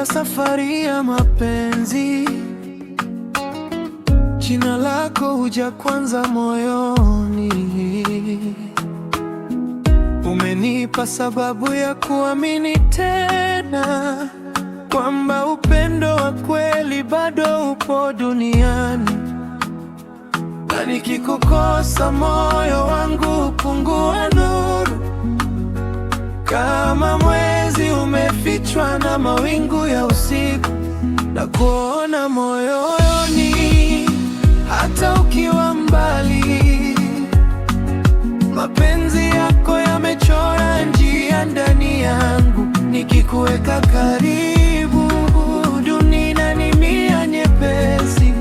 ya safari ya mapenzi, jina lako huja kwanza moyoni. Umenipa sababu ya kuamini tena kwamba upendo wa kweli bado upo duniani, na nikikukosa moyo wangu upungua kichwa na mawingu ya usiku na kuona moyoni hata ukiwa mbali. Mapenzi yako yamechora njia ndani yangu, nikikuweka karibu dunia mia nyepesi.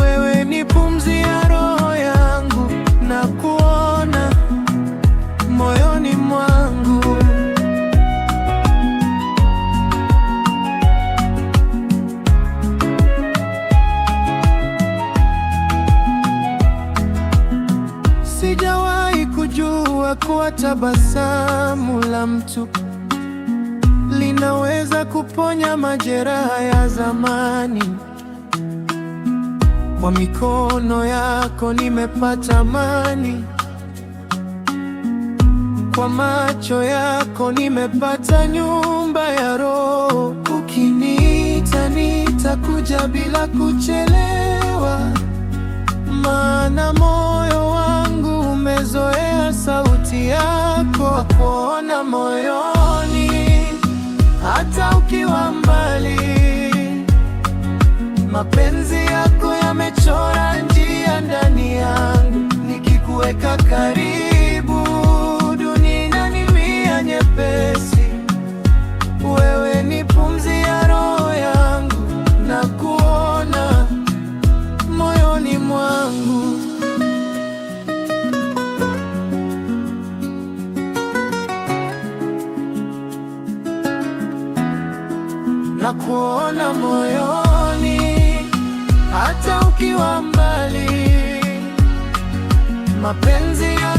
Wewe ni pumzi Jua kuwa tabasamu la mtu linaweza kuponya majeraha ya zamani. Kwa mikono yako nimepata amani, kwa macho yako nimepata nyumba ya roho. Ukiniita nitakuja bila kuchelewa. wa kuona moyoni, hata ukiwa mbali. Mapenzi yako yamechora njia ndani yangu, nikikuweka karibu na kuona moyoni, hata ukiwa mbali mapenzi ya